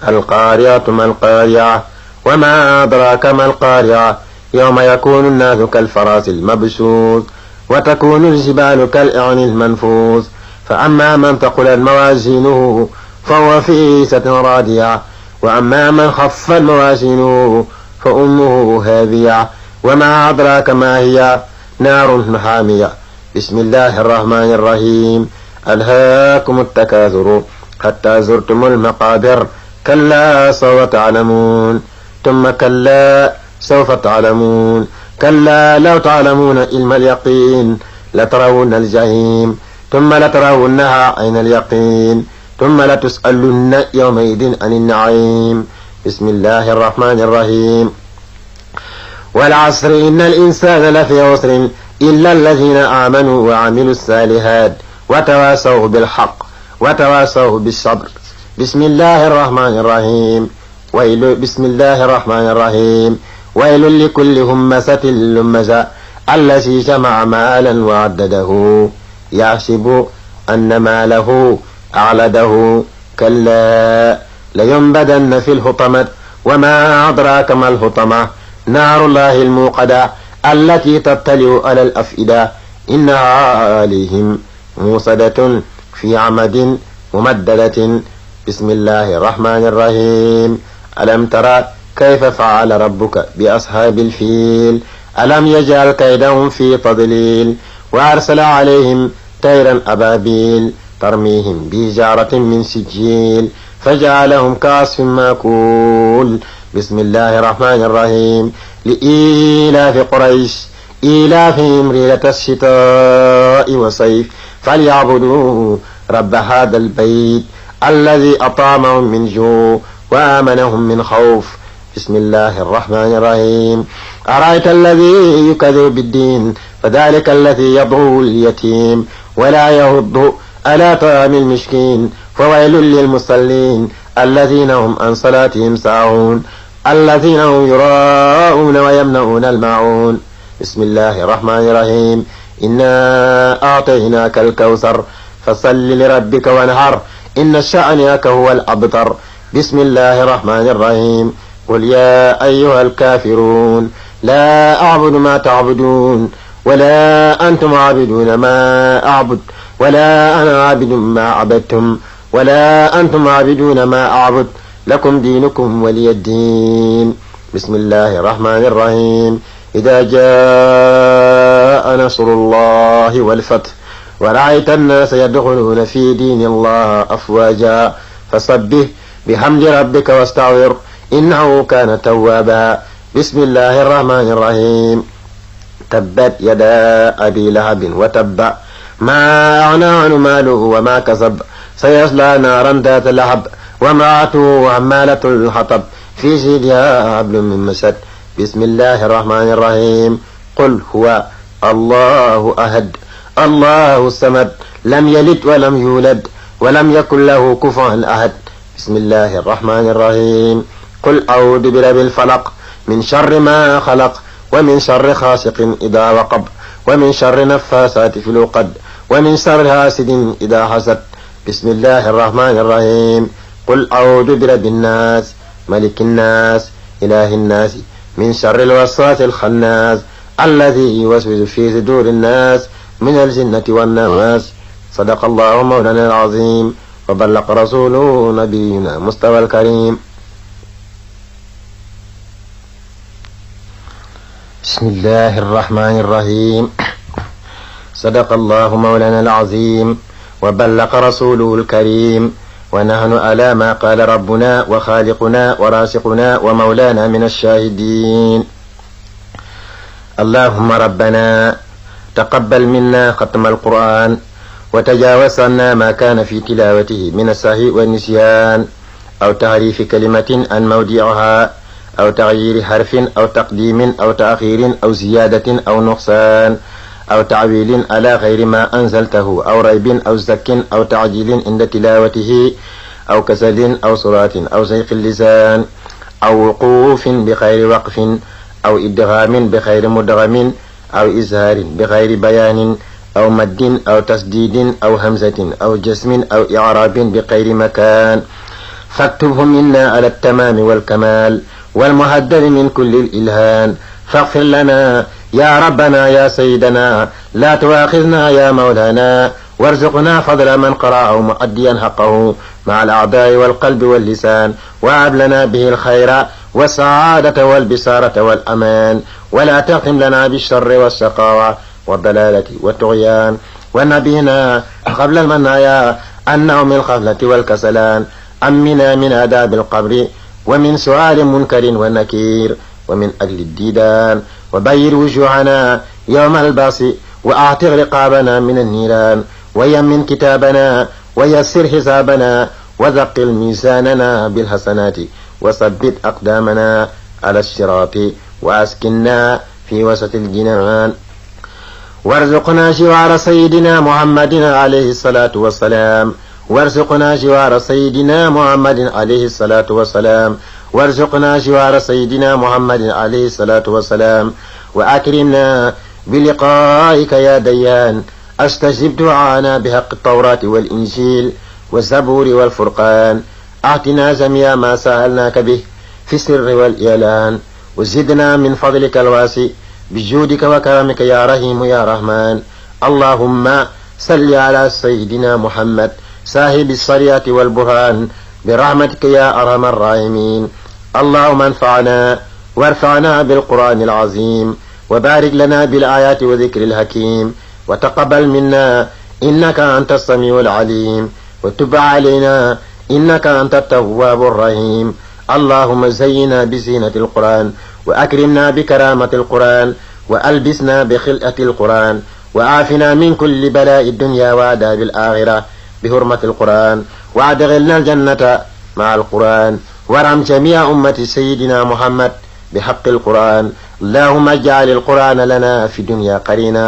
القارعة ما القارعة وما أدراك ما القارعة يوم يكون الناس كالفراس المبسوط وتكون الجبال كالإعن المنفوس فأما من ثقلت موازينه فهو في عيسة راضية وأما من خفت موازينه فأمه هاذية وما أدراك ما هي نار محامية بسم الله الرحمن الرحيم ألهاكم التكاثر حتى زرتم المقابر كلا سوف تعلمون ثم كلا سوف تعلمون كلا لو تعلمون علم اليقين لترون الجحيم ثم لترونها عين اليقين ثم لتسألن يومئذ عن النعيم بسم الله الرحمن الرحيم والعصر إن الإنسان لفي عسر إلا الذين آمنوا وعملوا الصالحات وتواصوا بالحق وتواصوا بالصبر بسم الله الرحمن الرحيم ويل بسم الله الرحمن الرحيم ويل لكل همسة لمزة الذي جمع مالا وعدده يحسب أن ماله أعلده كلا لينبدن في الهطمة وما أدراك ما الهطمة نار الله الموقدة التي تطلع على الأفئدة إنها عليهم موصدة في عمد ممددة بسم الله الرحمن الرحيم ألم ترى كيف فعل ربك بأصحاب الفيل ألم يجعل كيدهم في تضليل وأرسل عليهم طيرا أبابيل ترميهم بجارة من سجيل فجعلهم كعصف مأكول بسم الله الرحمن الرحيم لإيلاف قريش إيلافهم ريلة الشتاء وصيف فليعبدوا رب هذا البيت الذي أطعمهم من جوع وآمنهم من خوف بسم الله الرحمن الرحيم أرأيت الذي يكذب بالدين فذلك الذي يضر اليتيم ولا يهض ألا طعام المشكين فويل للمصلين الذين هم عن صلاتهم ساعون الذين هم يراءون ويمنعون الماعون بسم الله الرحمن الرحيم إنا أعطيناك الكوثر فصل لربك وانهر إن شأنك هو الأبتر بسم الله الرحمن الرحيم قل يا أيها الكافرون لا أعبد ما تعبدون ولا أنتم عابدون ما أعبد ولا أنا عابد ما عبدتم ولا أنتم عابدون ما أعبد لكم دينكم ولي الدين بسم الله الرحمن الرحيم إذا جاء نصر الله والفتح ورأيت الناس يدخلون في دين الله أفواجا فصبه بحمد ربك واستعذر إنه كان توابا بسم الله الرحمن الرحيم تبت يدا أبي لهب وتب ما أغنى عن ماله وما كسب سيصلى نارا ذات لهب وامرأته عمالة الحطب في جيدها حبل من مسد بسم الله الرحمن الرحيم قل هو الله أهد الله السمد لم يلد ولم يولد ولم يكن له كفوا أحد بسم الله الرحمن الرحيم قل أعوذ برب الفلق من شر ما خلق ومن شر خاسق إذا وقب ومن شر نفاسات في الوقد ومن شر حاسد إذا حسد بسم الله الرحمن الرحيم قل أعوذ برب الناس ملك الناس إله الناس من شر الوسواس الخناس الذي يوسوس في صدور الناس من الجنة والناس صدق الله مولانا العظيم وبلغ رسوله نبينا مستوى الكريم بسم الله الرحمن الرحيم صدق الله مولانا العظيم وبلغ رسوله الكريم ونحن على ما قال ربنا وخالقنا وراسقنا ومولانا من الشاهدين اللهم ربنا تقبل منا ختم القرآن وتجاوزنا ما كان في تلاوته من السهي والنسيان أو تعريف كلمة أن موضعها أو تغيير حرف أو تقديم أو تأخير أو زيادة أو نقصان أو تعويل على غير ما أنزلته أو ريب أو زك أو تعجيل عند تلاوته أو كسل أو صلاة أو زيق اللسان أو وقوف بغير وقف أو إدغام بغير مدغم أو إزهار بغير بيان أو مد أو تسديد أو همزة أو جسم أو إعراب بغير مكان فاكتبه منا على التمام والكمال والمهدد من كل الإلهان فاغفر لنا يا ربنا يا سيدنا لا تؤاخذنا يا مولانا وارزقنا فضل من قرأه مؤديا حقه مع الأعداء والقلب واللسان وهب لنا به الخير والسعادة والبصارة والأمان ولا تقم لنا بالشر والسقاوة والضلالة والطغيان ونبينا قبل المنايا أنه من الخفلة والكسلان أمنا من آداب القبر ومن سؤال منكر ونكير ومن أجل الديدان وبير وجوعنا يوم الباس وأعطي رقابنا من النيران ويمن كتابنا ويسر حسابنا وذقل ميزاننا بالحسنات وثبت أقدامنا على الشراط وأسكنا في وسط الجنان وارزقنا شوار سيدنا محمد عليه الصلاة والسلام وارزقنا جوار سيدنا محمد عليه الصلاة والسلام وارزقنا جوار سيدنا محمد عليه الصلاة والسلام وأكرمنا بلقائك يا ديان أستجب دعانا بحق التوراة والإنجيل والزبور والفرقان أعطنا جميع ما سألناك به في السر والإعلان وزدنا من فضلك الواسع بجودك وكرمك يا رحيم يا رحمن اللهم صل على سيدنا محمد ساهب الصريعة والبرهان برحمتك يا أرحم الراحمين اللهم انفعنا وارفعنا بالقرآن العظيم وبارك لنا بالآيات وذكر الحكيم وتقبل منا إنك أنت السميع العليم وتب علينا إنك أنت التواب الرحيم اللهم زينا بزينة القرآن وأكرمنا بكرامة القرآن وألبسنا بخلقة القرآن وعافنا من كل بلاء الدنيا وعذاب الآخرة بحرمة القرآن وأدخلنا الجنة مع القرآن ورم جميع أمة سيدنا محمد بحق القرآن اللهم اجعل القرآن لنا في الدنيا قرينا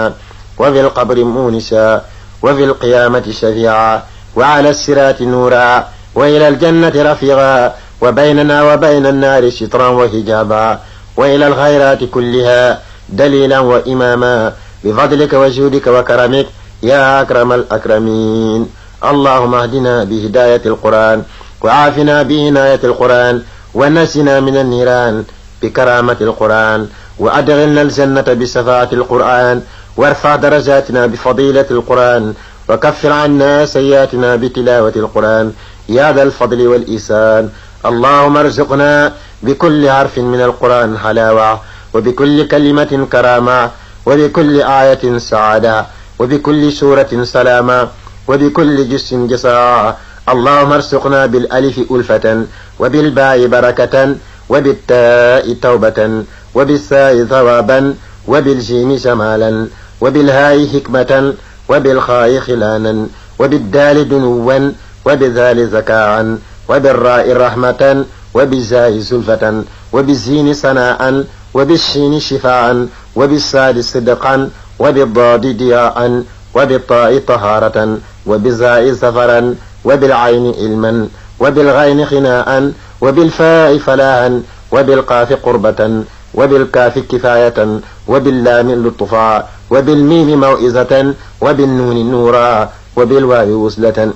وفي القبر مونسا وفي القيامة شفيعا وعلى السرات نورا وإلى الجنة رفيعا وبيننا وبين النار سترا وحجابا وإلى الخيرات كلها دليلا وإماما بفضلك وجودك وكرمك يا أكرم الأكرمين اللهم اهدنا بهداية القرآن وعافنا بإناية القرآن ونسنا من النيران بكرامة القرآن وأدغلنا الجنة بشفاعة القرآن وارفع درجاتنا بفضيلة القرآن وكفر عنا سيئاتنا بتلاوة القرآن يا ذا الفضل والإيسان اللهم ارزقنا بكل حرف من القرآن حلاوة وبكل كلمة كرامة وبكل آية سعادة وبكل سورة سلامة وبكل جسم جساء اللهم ارزقنا بالألف ألفة وبالباء بركة وبالتاء توبة وبالساء ثوابا وبالجيم شمالا وبالهاء حكمة وبالخاء خلانا وبالدال دنوا وبذال زكاعا وبالراء رحمة وبالزاء زلفة وبالزين سناء وبالشين شفاعا وبالساد صدقا وبالضاد ضياء وبالطاء طهارة وبالزاء سفرا وبالعين علما وبالغين خناء وبالفاء فلاها وبالقاف قربة وبالكاف كفاية وباللام لطفا وبالميم موئزة وبالنون نورا وبالواو وسلة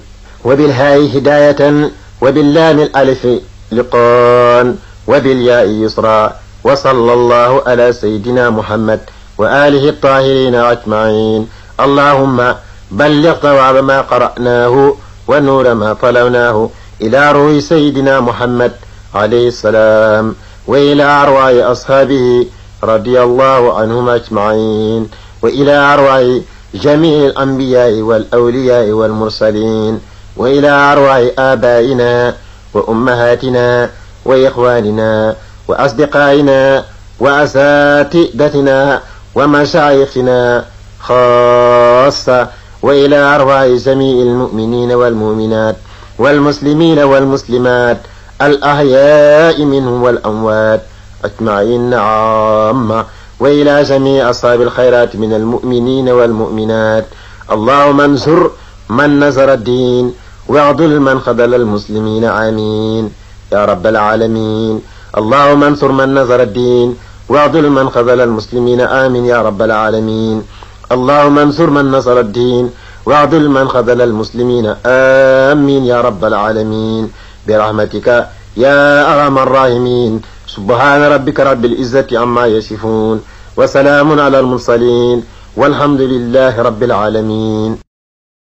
وبالهاء هداية وباللام الألف لقان وبالياء يسرا وصلى الله على سيدنا محمد وآله الطاهرين أجمعين اللهم بلغ ثواب ما قرأناه ونور ما طلبناه إلى روح سيدنا محمد عليه السلام وإلى أرواح أصحابه رضي الله عنهم أجمعين وإلى أرواح جميع الأنبياء والأولياء والمرسلين وإلى أرواح آبائنا وأمهاتنا وإخواننا وأصدقائنا وأساتذتنا ومشايخنا خاصة وإلى أرواع جميع المؤمنين والمؤمنات والمسلمين والمسلمات الأحياء منهم والأموات أجمعين عامة وإلى جميع أصحاب الخيرات من المؤمنين والمؤمنات اللهم انصر من نزر الدين واعدل من خذل المسلمين آمين يا رب العالمين اللهم انصر من نزر الدين واعدل من خذل المسلمين آمين يا رب العالمين اللهم انصر من نصر الدين واعدل من خذل المسلمين آمين يا رب العالمين برحمتك يا أرحم الراحمين سبحان ربك رب العزة عما يصفون وسلام على المرسلين والحمد لله رب العالمين